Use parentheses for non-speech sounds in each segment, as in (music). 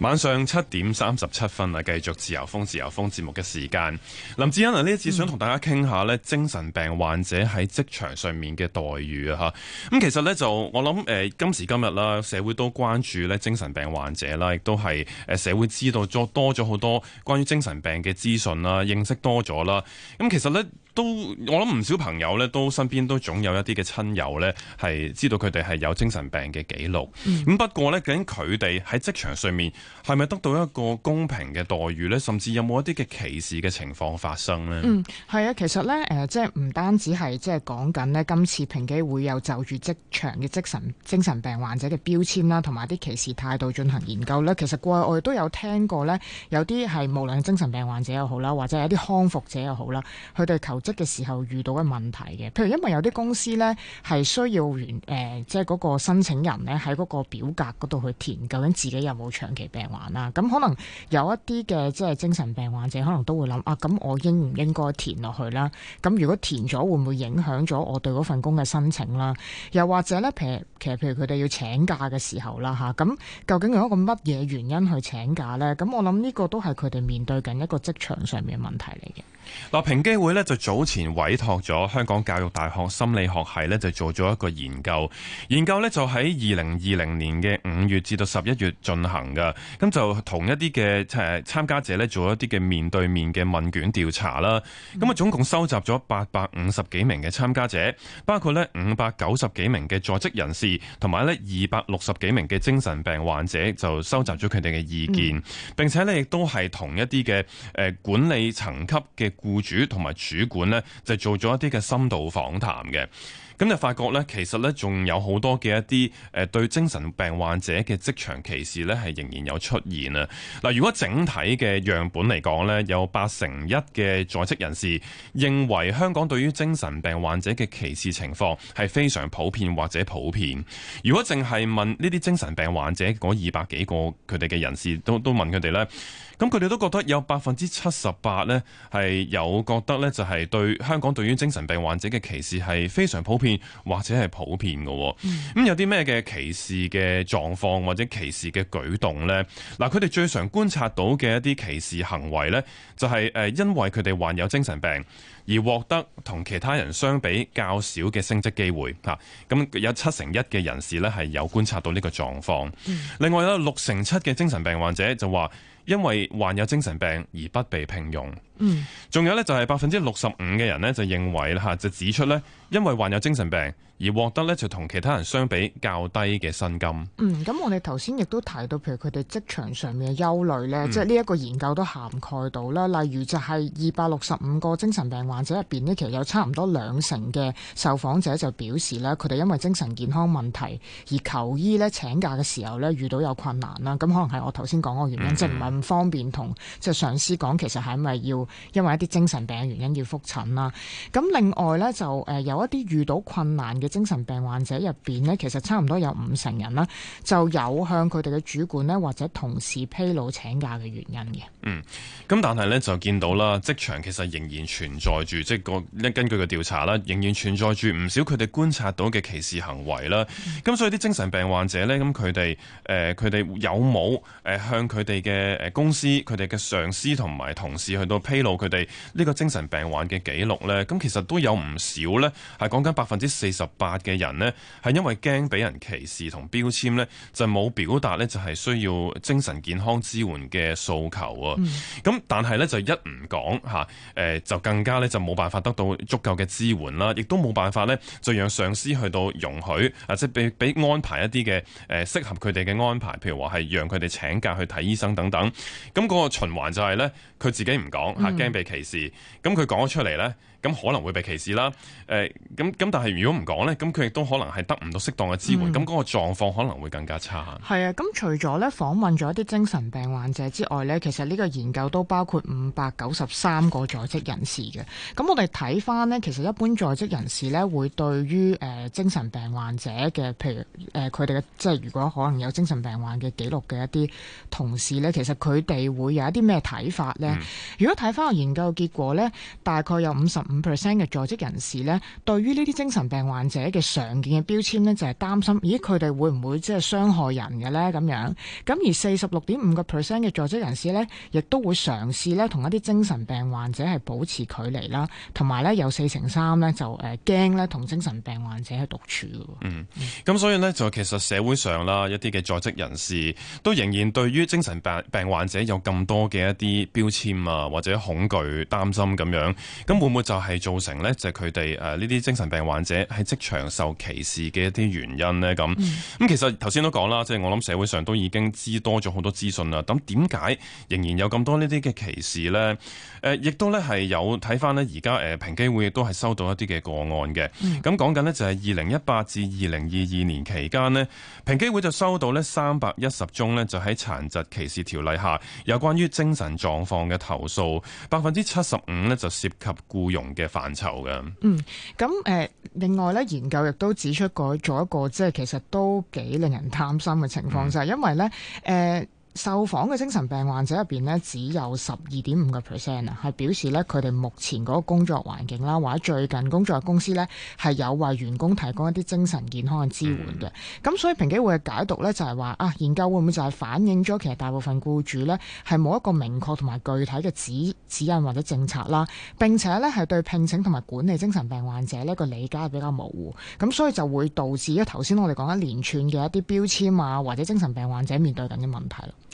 晚上七點三十七分啊，繼續自由風自由風節目嘅時間。林志恩啊，呢一次想同大家傾下咧精神病患者喺職場上面嘅待遇啊，吓咁其實咧就我諗誒今時今日啦，社會都關注咧精神病患者啦，亦都係誒社會知道咗多咗好多關於精神病嘅資訊啦，認識多咗啦。咁其實咧。都我諗唔少朋友咧，都身邊都總有一啲嘅親友咧，係知道佢哋係有精神病嘅記錄。咁、嗯、不過咧，究竟佢哋喺職場上面係咪得到一個公平嘅待遇咧？甚至有冇一啲嘅歧視嘅情況發生咧？嗯，係啊，其實咧，誒、呃，即係唔單止係即係講緊咧，今次平機會有就住職場嘅精神精神病患者嘅標籤啦，同埋啲歧視態度進行研究咧。其實過去我哋都有聽過咧，有啲係無論精神病患者又好啦，或者係一啲康復者又好啦，佢哋求。即嘅時候遇到嘅問題嘅，譬如因為有啲公司呢係需要完誒，即係嗰個申請人呢喺嗰個表格嗰度去填究竟自己有冇長期病患啦。咁可能有一啲嘅即係精神病患者，可能都會諗啊，咁我應唔應該填落去啦？咁如果填咗，會唔會影響咗我對嗰份工嘅申請啦？又或者呢，譬如其實譬如佢哋要請假嘅時候啦，嚇、啊、咁究竟用一個乜嘢原因去請假呢？咁我諗呢個都係佢哋面對緊一個職場上面嘅問題嚟嘅。嗱，平機會咧就早前委託咗香港教育大學心理學系咧，就做咗一個研究。研究咧就喺二零二零年嘅五月至到十一月進行㗎。咁就同一啲嘅誒參加者咧，做一啲嘅面對面嘅問卷調查啦。咁啊，總共收集咗八百五十幾名嘅參加者，包括咧五百九十幾名嘅在職人士，同埋咧二百六十幾名嘅精神病患者，就收集咗佢哋嘅意見，並且咧亦都係同一啲嘅誒管理層級嘅。僱主同埋主管呢，就做咗一啲嘅深度訪談嘅，咁就發覺呢，其實呢，仲有好多嘅一啲，誒、呃、對精神病患者嘅職場歧視呢，係仍然有出現啊！嗱，如果整體嘅樣本嚟講呢，有八成一嘅在職人士認為香港對於精神病患者嘅歧視情況係非常普遍或者普遍。如果淨係問呢啲精神病患者嗰二百幾個，佢哋嘅人士都都問佢哋呢。咁佢哋都覺得有百分之七十八呢係有覺得呢，就係對香港對於精神病患者嘅歧視係非常普遍或者係普遍嘅。咁有啲咩嘅歧視嘅狀況或者歧視嘅舉動呢？嗱，佢哋最常觀察到嘅一啲歧視行為呢，就係誒，因為佢哋患有精神病而獲得同其他人相比較少嘅升職機會嚇。咁有七成一嘅人士呢係有觀察到呢個狀況。另外呢，六成七嘅精神病患者就話，因為患有精神病而不被聘用。嗯。嗯，仲有呢，就係百分之六十五嘅人呢，就認為吓就指出呢，因為患有精神病。而獲得咧就同其他人相比較低嘅薪金。嗯，咁我哋頭先亦都提到，譬如佢哋職場上面嘅憂慮咧、嗯，即係呢一個研究都涵蓋到啦。例如就係二百六十五個精神病患者入邊呢，其實有差唔多兩成嘅受訪者就表示咧，佢哋因為精神健康問題而求醫咧請假嘅時候咧，遇到有困難啦。咁可能係我頭先講個原因，嗯、即係唔係咁方便同即係上司講，其實係咪要因為一啲精神病嘅原因要覆診啦？咁另外咧就誒有一啲遇到困難嘅。精神病患者入邊呢，其實差唔多有五成人啦，就有向佢哋嘅主管呢，或者同事披露請假嘅原因嘅。嗯，咁但係呢，就見到啦，職場其實仍然存在住即係根據個調查啦，仍然存在住唔少佢哋觀察到嘅歧視行為啦。咁、嗯、所以啲精神病患者呢，咁佢哋誒佢哋有冇誒向佢哋嘅誒公司、佢哋嘅上司同埋同事去到披露佢哋呢個精神病患嘅記錄呢？咁其實都有唔少呢，係講緊百分之四十。八嘅人呢，係因為驚俾人歧視同標籤呢，就冇表達呢，就係需要精神健康支援嘅訴求喎。咁、嗯、但係呢，就一唔講吓，誒就更加呢，就冇辦法得到足夠嘅支援啦，亦都冇辦法呢，就讓上司去到容許啊，即係俾俾安排一啲嘅誒適合佢哋嘅安排，譬如話係讓佢哋請假去睇醫生等等。咁、那、嗰個循環就係呢，佢自己唔講吓，驚被歧視。咁佢講咗出嚟呢。咁可能會被歧視啦，誒咁咁，但係如果唔講呢，咁佢亦都可能係得唔到適當嘅支援，咁、嗯、嗰、嗰個狀況可能會更加差。係啊，咁除咗呢訪問咗一啲精神病患者之外呢，其實呢個研究都包括五百九十三個在職人士嘅。咁我哋睇翻呢，其實一般在職人士呢會對於誒、呃、精神病患者嘅，譬如誒佢哋嘅，即係如果可能有精神病患嘅記錄嘅一啲同事呢，其實佢哋會有一啲咩睇法呢？嗯、如果睇翻個研究的結果呢，大概有五十五五 percent 嘅在職人士呢，對於呢啲精神病患者嘅常見嘅標籤呢，就係、是、擔心，咦，佢哋會唔會即係傷害人嘅呢？咁樣，咁而四十六點五個 percent 嘅在職人士呢，亦都會嘗試呢同一啲精神病患者係保持距離啦，同埋呢，有四成三呢就誒驚呢同精神病患者係獨處嗯。咁所以呢，就其實社會上啦，一啲嘅在職人士都仍然對於精神病病患者有咁多嘅一啲標籤啊，或者恐懼、擔心咁樣，咁會唔會就是？係造成呢，就係佢哋誒呢啲精神病患者喺職場受歧視嘅一啲原因呢。咁咁、嗯、其實頭先都講啦，即、就、係、是、我諗社會上都已經知多咗好多資訊啦。咁點解仍然有咁多呢啲嘅歧視呢？誒、呃，亦都呢係有睇返呢。而家誒平機會亦都係收到一啲嘅個案嘅。咁講緊呢，就係二零一八至二零二二年期間呢，平機會就收到呢三百一十宗呢，就喺殘疾歧視條例下有關於精神狀況嘅投訴，百分之七十五呢就涉及僱傭。嘅範疇㗎，嗯，咁誒、呃，另外咧，研究亦都指出過，做一個即係其實都幾令人擔心嘅情況，就、嗯、係因為咧，誒、呃。受訪嘅精神病患者入邊呢，只有十二點五個 percent 啊，係表示呢，佢哋目前嗰工作環境啦，或者最近工作嘅公司呢，係有為員工提供一啲精神健康嘅支援嘅。咁所以平機會嘅解讀呢，就係話啊，研究會唔會就係反映咗其實大部分雇主呢，係冇一個明確同埋具體嘅指指引或者政策啦。並且呢，係對聘請同埋管理精神病患者呢個理解比較模糊，咁所以就會導致一頭先我哋講緊連串嘅一啲標籤啊，或者精神病患者面對緊嘅問題咯。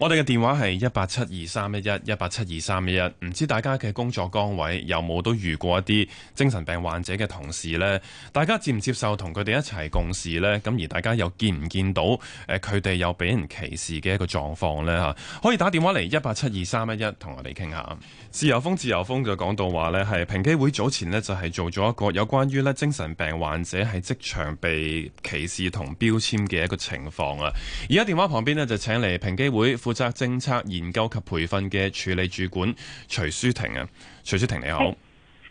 我哋嘅電話係一八七二三一一一八七二三一一，唔知大家嘅工作崗位有冇都遇過一啲精神病患者嘅同事呢？大家接唔接受同佢哋一齊共事呢？咁而大家又見唔見到誒佢哋有俾人歧視嘅一個狀況呢？吓，可以打電話嚟一八七二三一一，同我哋傾下。自由風，自由風就講到話呢係平機會早前呢就係做咗一個有關於呢精神病患者係職場被歧視同標籤嘅一個情況啊。而家電話旁邊呢，就請嚟平機會。負責政策研究及培訓嘅署理主管徐妤婷啊，徐妤婷你好，hey,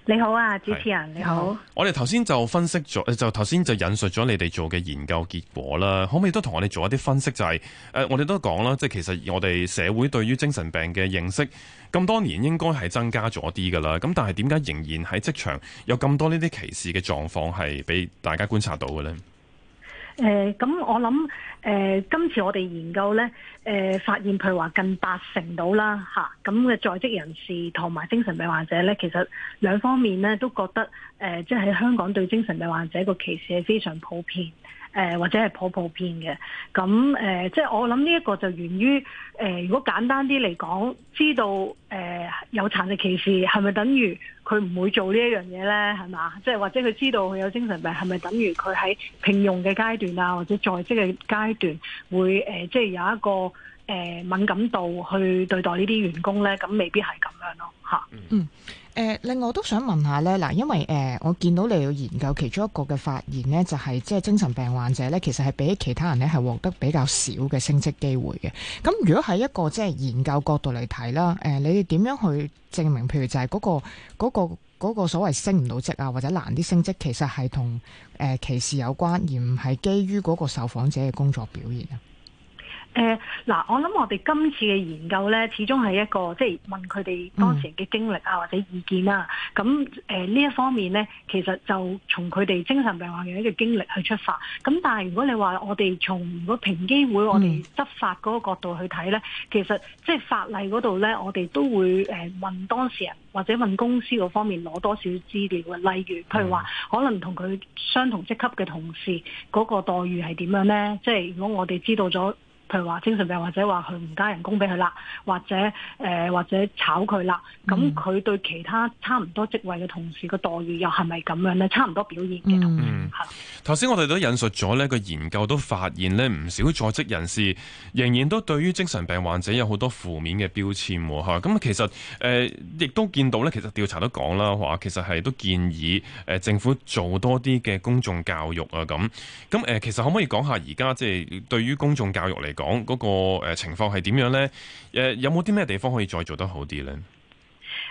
你好啊，主持人你好。我哋頭先就分析咗，就頭先就引述咗你哋做嘅研究結果啦。可唔可以都同我哋做一啲分析？就係、是、誒、呃，我哋都講啦，即、就、係、是、其實我哋社會對於精神病嘅認識咁多年，應該係增加咗啲噶啦。咁但係點解仍然喺職場有咁多呢啲歧視嘅狀況係俾大家觀察到嘅呢？誒、呃、咁，我諗誒、呃、今次我哋研究咧，誒、呃、發現譬如話近八成到啦嚇，咁、啊、嘅在職人士同埋精神病患者咧，其實兩方面咧都覺得誒，即係喺香港對精神病患者個歧視係非常普遍。誒或者係普普遍嘅，咁誒即係我諗呢一個就源於誒，如果簡單啲嚟講，知道誒有殘疾歧視係咪等於佢唔會做呢一樣嘢咧？係嘛，即係或者佢知道佢有精神病係咪等於佢喺聘用嘅階段啊，或者在職嘅階段會誒，即係有一個誒敏感度去對待呢啲員工咧？咁未必係咁樣咯，嚇。嗯。誒，另外我都想問下咧，嗱，因為誒，我見到你要研究其中一個嘅發現咧，就係即係精神病患者咧，其實係比其他人咧係獲得比較少嘅升職機會嘅。咁如果喺一個即係研究角度嚟睇啦，誒，你哋點樣去證明？譬如就係嗰、嗰個、嗰個、嗰個所謂升唔到職啊，或者難啲升職，其實係同誒歧視有關，而唔係基於嗰個受訪者嘅工作表現啊。誒、呃、嗱，我諗我哋今次嘅研究咧，始終係一個即係問佢哋當事人嘅經歷、嗯、啊，或者意見啦。咁誒呢一方面咧，其實就從佢哋精神病患嘅一個經歷去出發。咁但係如果你話我哋從如果平機會我哋執法嗰個角度去睇咧、嗯，其實即係法例嗰度咧，我哋都會誒、呃、問當事人或者問公司嗰方面攞多少資料啊。例如譬如話、嗯，可能同佢相同職級嘅同事嗰個待遇係點樣咧？即係如果我哋知道咗。譬如話精神病或者話佢唔加人工俾佢啦，或者誒或、呃、或者炒佢啦，咁、嗯、佢對其他差唔多職位嘅同事嘅待遇又係咪咁樣咧？差唔多表現嘅，嚇、嗯。頭先我哋都引述咗呢個研究，都發現呢唔少在職人士仍然都對於精神病患者有好多負面嘅標籤喎，嚇。咁其實誒亦都見到呢，其實調查都講啦，話其實係都建議誒政府做多啲嘅公眾教育啊，咁咁誒，其實可唔可以講下而家即係對於公眾教育嚟？講嗰個誒情況係點樣呢？誒，有冇啲咩地方可以再做得好啲呢？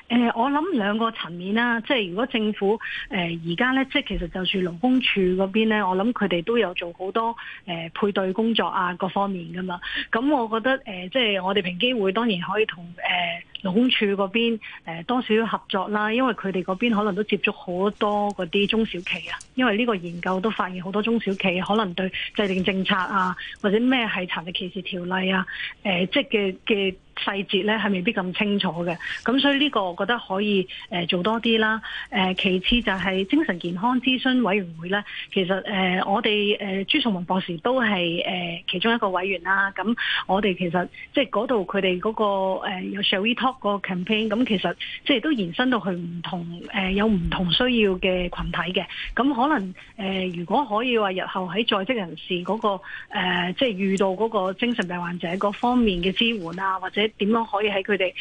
誒、呃，我諗兩個層面啦，即係如果政府誒而家呢，即係其實就算勞工處嗰邊呢，我諗佢哋都有做好多誒、呃、配對工作啊，各方面噶嘛。咁我覺得誒、呃，即係我哋平機會當然可以同誒。呃總署嗰邊、呃、多少合作啦，因為佢哋嗰邊可能都接觸好多嗰啲中小企啊，因為呢個研究都發現好多中小企、啊、可能對制定政策啊，或者咩係殘疾歧視條例啊，誒、呃、即係嘅嘅細節咧係未必咁清楚嘅，咁所以呢個我覺得可以誒、呃、做多啲啦。誒、呃、其次就係精神健康諮詢委員會咧，其實誒、呃、我哋誒、呃、朱崇文博士都係誒、呃、其中一個委員啦、啊。咁我哋其實即係嗰度佢哋嗰個、呃、有 survey 那個 campaign 咁其實即係都延伸到去唔同誒、有唔同需要嘅群體嘅，咁可能誒、呃、如果可以話日後喺在職人士嗰、嗰個誒、呃、即係遇到嗰個精神病患者嗰方面嘅支援啊，或者點樣可以喺佢哋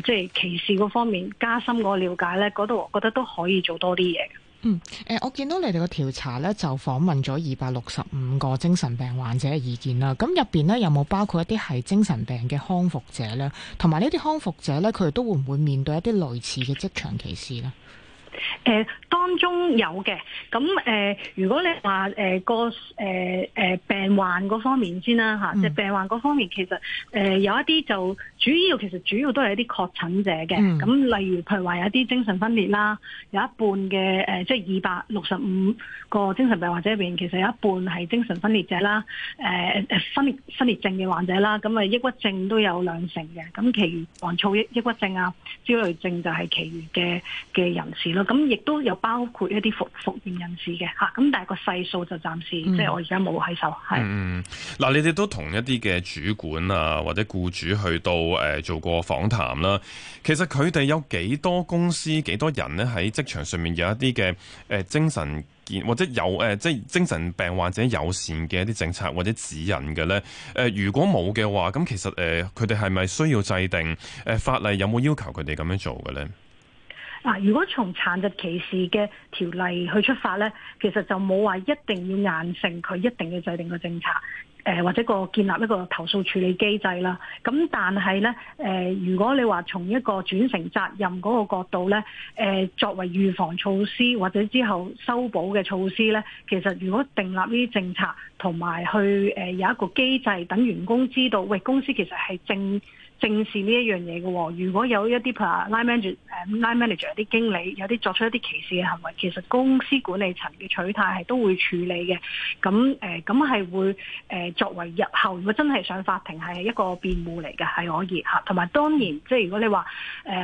誒即係歧視嗰方面加深嗰個了解咧，嗰度我覺得都可以做多啲嘢。嗯，我見到你哋個調查咧，就訪問咗二百六十五個精神病患者嘅意見啦。咁入邊咧有冇包括一啲係精神病嘅康復者咧？同埋呢啲康復者咧，佢哋都會唔會面對一啲類似嘅職場歧視呢？誒、呃，當中有嘅，咁誒、呃，如果你話誒、呃、個誒誒、呃呃、病患嗰方面先啦吓，即、嗯、係病患嗰方面其實誒、呃、有一啲就主要其實主要都係一啲確診者嘅，咁、嗯、例如譬如話有一啲精神分裂啦，有一半嘅誒、呃、即係二百六十五個精神病患者入邊，其實有一半係精神分裂者啦，誒、呃、誒分裂分裂症嘅患者啦，咁啊抑鬱症都有兩成嘅，咁其餘狂躁抑抑鬱症啊焦慮症就係其餘嘅嘅人士咯。咁亦都有包括一啲服服刑人士嘅，吓，咁但係個細數就暫時，嗯、即係我而家冇喺手。係嗱，嗯、你哋都同一啲嘅主管啊，或者雇主去到誒、呃、做過訪談啦。其實佢哋有幾多公司幾多人咧喺職場上面有一啲嘅誒精神健或者有誒即係精神病患者友善嘅一啲政策或者指引嘅咧？誒、呃，如果冇嘅話，咁其實誒佢哋係咪需要制定誒、呃、法例？有冇要求佢哋咁樣做嘅咧？嗱、啊，如果從殘疾歧視嘅條例去出發呢，其實就冇話一定要硬性佢一定要制定個政策，呃、或者個建立一個投訴處理機制啦。咁但係呢、呃，如果你話從一個轉承責任嗰個角度呢、呃，作為預防措施或者之後修補嘅措施呢，其實如果訂立呢啲政策同埋去、呃、有一個機制，等員工知道，喂，公司其實係正。正視呢一樣嘢嘅喎。如果有一啲譬如 line manager、line manager 有啲經理有啲作出一啲歧視嘅行為，其實公司管理層嘅取態係都會處理嘅。咁咁係會作為日後，如果真係上法庭係一個辯護嚟嘅，係可以嚇。同埋當然，即係如果你話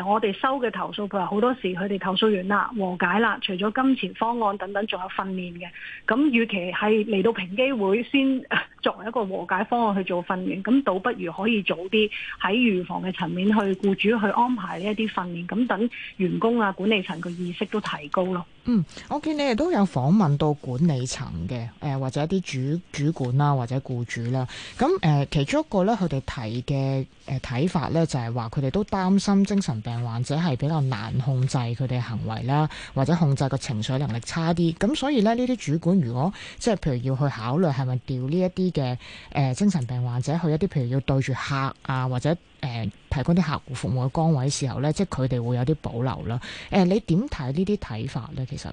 我哋收嘅投訴譬如好多時佢哋投訴完啦和解啦，除咗金錢方案等等，仲有訓練嘅。咁與其係嚟到平機會先作為一個和解方案去做訓練，咁倒不如可以早啲喺。預防嘅層面去僱主去安排呢一啲訓練，咁等員工啊，管理層個意識都提高咯。嗯，我見你哋都有訪問到管理層嘅，誒、呃、或者一啲主主管啦或者僱主啦，咁誒、呃、其中一個咧佢哋提嘅誒睇法咧就係話佢哋都擔心精神病患者係比較難控制佢哋行為啦，或者控制個情緒能力差啲，咁所以咧呢啲主管如果即係譬如要去考慮係咪調呢一啲嘅誒精神病患者去一啲譬如要對住客啊或者。誒提供啲客戶服務嘅崗位時候咧，即係佢哋會有啲保留啦。誒，你點睇呢啲睇法咧？其實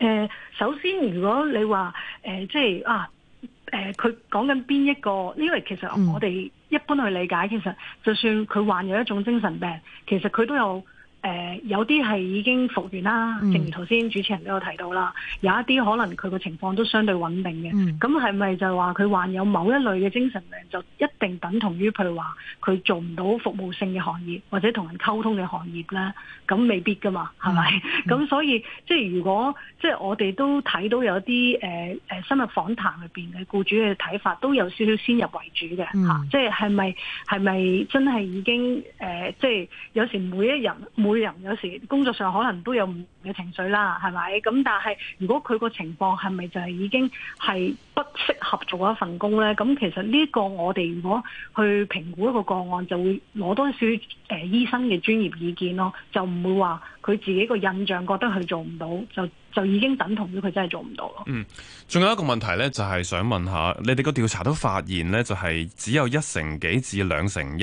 誒，首先如果你話誒、呃，即係啊，誒、呃，佢講緊邊一個，呢個其實我哋一般去理解，嗯、其實就算佢患有一種精神病，其實佢都有。誒、呃、有啲係已經復原啦，正如頭先主持人都有提到啦，有一啲可能佢個情況都相對穩定嘅。咁係咪就係話佢患有某一類嘅精神病就一定等同於譬如話佢做唔到服務性嘅行業或者同人溝通嘅行業咧？咁未必㗎嘛，係、嗯、咪？咁、嗯、所以即係如果即係我哋都睇到有啲誒誒深入訪談裏面嘅僱主嘅睇法都有少少先入為主嘅、嗯啊、即係係咪係咪真係已經誒、呃？即係有時每一人每每人有時工作上可能都有唔。嘅情緒啦，係咪？咁但係，如果佢個情況係咪就係已經係不適合做一份工呢？咁其實呢個我哋如果去評估一個個案，就會攞多啲誒醫生嘅專業意見咯，就唔會話佢自己個印象覺得佢做唔到，就就已經等同咗佢真係做唔到咯。嗯，仲有一個問題呢，就係想問下你哋個調查都發現呢，就係只有一成幾至兩成一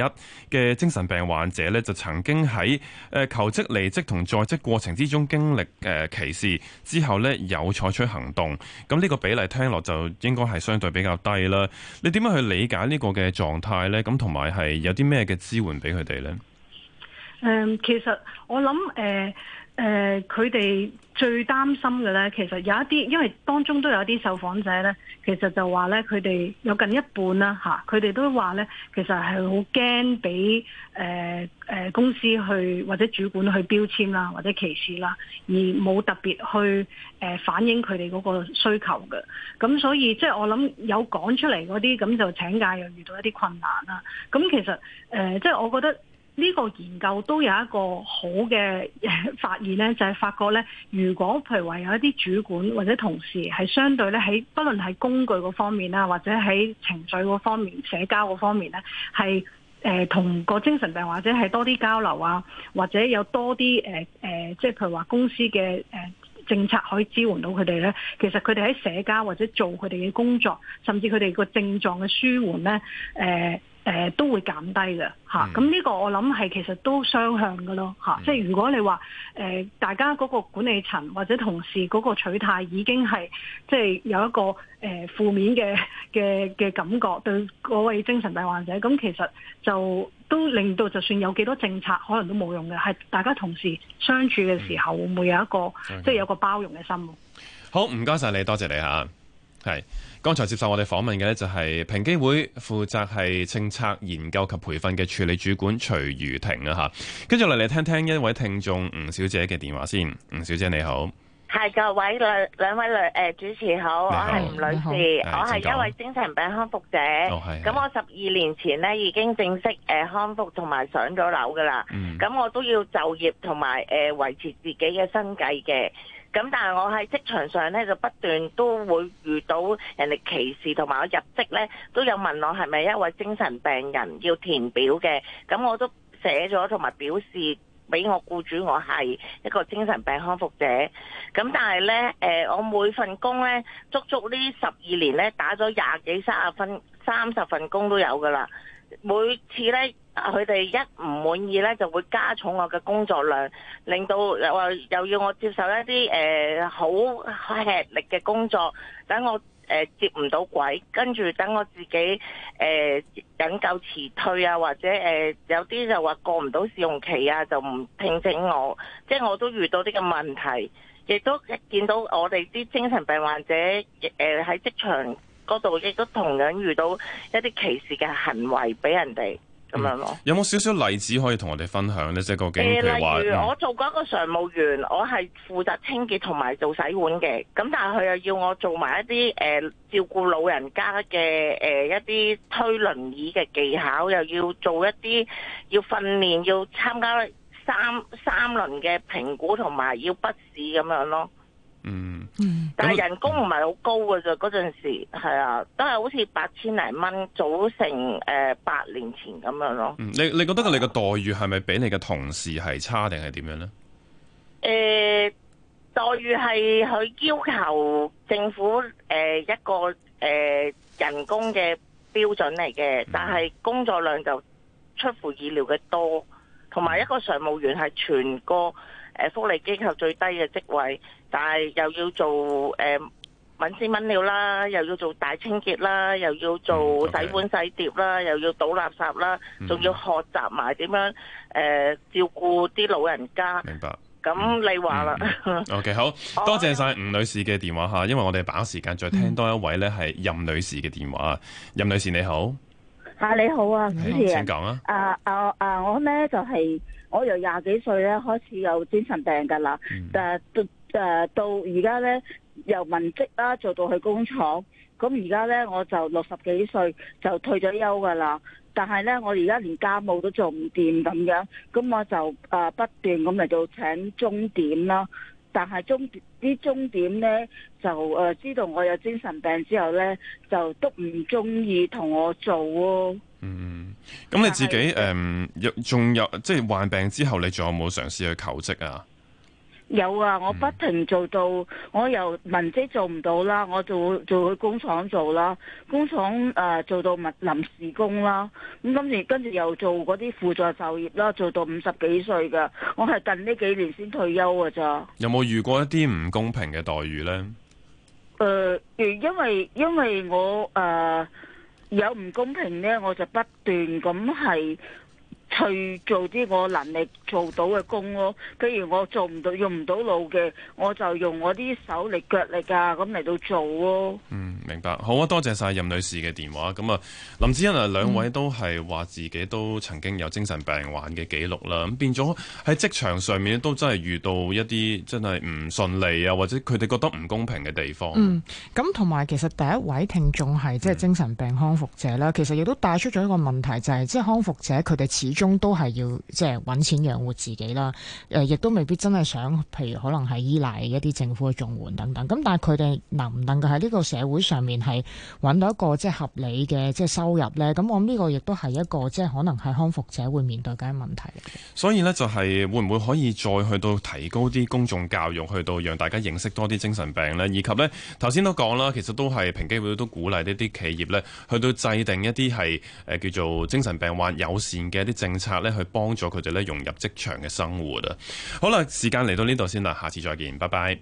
嘅精神病患者呢，就曾經喺誒求職、離職同在職過程之中經經歷誒歧視之後咧，有採取行動，咁呢個比例聽落就應該係相對比較低啦。你點樣去理解呢個嘅狀態咧？咁同埋係有啲咩嘅支援俾佢哋咧？誒，其實我諗誒。呃誒佢哋最擔心嘅咧，其實有一啲，因為當中都有一啲受訪者咧，其實就話咧，佢哋有近一半啦、啊、嚇，佢、啊、哋都話咧，其實係好驚俾誒誒公司去或者主管去標籤啦，或者歧視啦，而冇特別去誒、呃、反映佢哋嗰個需求嘅。咁所以即係、就是、我諗有講出嚟嗰啲，咁就請假又遇到一啲困難啦。咁其實誒，即、呃、係、就是、我覺得。呢、這個研究都有一個好嘅發現呢，就係、是、發覺呢，如果譬如話有一啲主管或者同事係相對呢，喺不論係工具嗰方面啦，或者喺情緒嗰方面、社交嗰方面呢，係誒同個精神病患者或者係多啲交流啊，或者有多啲誒誒，即係譬如話公司嘅誒、呃、政策可以支援到佢哋呢，其實佢哋喺社交或者做佢哋嘅工作，甚至佢哋個症狀嘅舒緩呢。誒、呃。誒都會減低嘅嚇，咁呢個我諗係其實都雙向嘅咯嚇，即係、嗯、如果你話、呃、大家嗰個管理層或者同事嗰個取態已經係即係有一個誒負、呃、面嘅嘅嘅感覺對嗰位精神病患者，咁、嗯、其實就都令到就算有幾多政策可能都冇用嘅，係大家同事相處嘅時候、嗯、會唔會有一個、嗯、即係有個包容嘅心？好，唔該晒你，多謝，謝你嚇，係。剛才接受我哋訪問嘅咧就係平機會負責係政策研究及培訓嘅署理主管徐妤婷啊吓，跟住嚟嚟聽聽一位聽眾吳小姐嘅電話先。吳小姐你好，係各位兩,兩位女誒、呃、主持好，好，我係吳女士，我係一位精神病康復者。咁我十二年前呢，已經正式誒、呃、康復同埋上咗樓噶啦，咁、嗯、我都要就業同埋誒維持自己嘅生計嘅。咁但係我喺職場上咧，就不斷都會遇到人哋歧視，同埋我入職咧都有問我係咪一位精神病人要填表嘅，咁我都寫咗同埋表示俾我僱主我係一個精神病康復者。咁但係咧，誒我每份工咧，足足呢十二年咧，打咗廿幾三廿份三十份工都有㗎啦。每次咧，佢哋一唔滿意咧，就會加重我嘅工作量，令到又又要我接受一啲誒好吃力嘅工作，等我、呃、接唔到鬼，跟住等我自己誒引咎辭退啊，或者誒、呃、有啲就話過唔到試用期啊，就唔聘請我，即係我都遇到啲咁嘅問題，亦都見到我哋啲精神病患者誒喺、呃、職場。嗰度亦都同樣遇到一啲歧視嘅行為，俾人哋咁樣咯、嗯，有冇少少例子可以同我哋分享呢？即係個經驗，例如我做過一個常務員，嗯、我係負責清潔同埋做洗碗嘅，咁但係佢又要我做埋一啲誒、呃、照顧老人家嘅誒、呃、一啲推輪椅嘅技巧，又要做一啲要訓練，要參加三三輪嘅評估同埋要筆試咁樣咯。嗯，嗯，但係、嗯、人工唔係好高嘅咋。嗰陣時係啊，都係好似八千零蚊，組成誒八、呃、年前咁樣咯、嗯。你你覺得你個待遇係咪比你嘅同事係差定係點樣咧？誒、呃，待遇係佢要求政府誒、呃、一個誒、呃、人工嘅標準嚟嘅、嗯，但係工作量就出乎意料嘅多，同埋一個常務員係全個。誒福利機構最低嘅職位，但係又要做誒揾錢揾料啦，又要做大清潔啦，又要做洗碗洗碟啦，又要倒垃圾啦，仲、嗯、要學習埋點樣誒、呃、照顧啲老人家。明白。咁你話啦。嗯嗯、 (laughs) OK，好多謝晒吳女士嘅電話嚇，因為我哋把握時間再聽多一位咧，係任女士嘅電話、嗯。任女士你好。嚇、啊、你好啊，女、hey, 士。請講啊。啊啊啊！我咧就係、是。我由廿幾歲咧開始有精神病噶啦，誒、嗯、到誒到而家咧由文職啦做到去工廠，咁而家咧我就六十幾歲就退咗休噶啦，但係咧我而家連家務都做唔掂咁樣，咁我就誒不斷咁嚟到請鐘點啦，但係鐘點，啲鐘點咧就誒知道我有精神病之後咧就都唔中意同我做。嗯，咁你自己誒，嗯、還有仲有即係患病之後，你仲有冇嘗試去求職啊？有啊，我不停做到，嗯、我由文職做唔到啦，我做做去工廠做啦，工廠誒、呃、做到物臨時工啦。咁今年跟住又做嗰啲輔助就業啦，做到五十幾歲噶，我係近呢幾年先退休噶咋。有冇遇過一啲唔公平嘅待遇咧？誒、呃，因為因為我誒。呃有唔公平咧，我就不斷咁係去做啲我能力做到嘅工咯，譬如我做唔到用唔到腦嘅，我就用我啲手力腳力啊，咁嚟到做咯。嗯，明白，好啊，多謝晒任女士嘅電話。咁啊，林子欣啊，兩、嗯、位都係話自己都曾經有精神病患嘅記錄啦，咁、嗯、變咗喺職場上面都真係遇到一啲真係唔順利啊，或者佢哋覺得唔公平嘅地方。嗯，咁同埋其實第一位聽眾係即係精神病康復者啦、嗯，其實亦都帶出咗一個問題，就係即係康復者佢哋始。中都係要即係揾錢養活自己啦，誒、呃、亦都未必真係想，譬如可能係依賴一啲政府嘅綜援等等。咁但係佢哋能唔能夠喺呢個社會上面係揾到一個即係、就是、合理嘅即係收入呢？咁我諗呢個亦都係一個即係、就是、可能係康復者會面對緊嘅問題。所以呢，就係會唔會可以再去到提高啲公眾教育，去到讓大家認識多啲精神病呢？以及呢頭先都講啦，其實都係平機會都鼓勵呢啲企業呢，去到制定一啲係誒叫做精神病患友善嘅一啲政策咧，去幫助佢哋咧融入職場嘅生活啊！好啦，時間嚟到呢度先啦，下次再見，拜拜。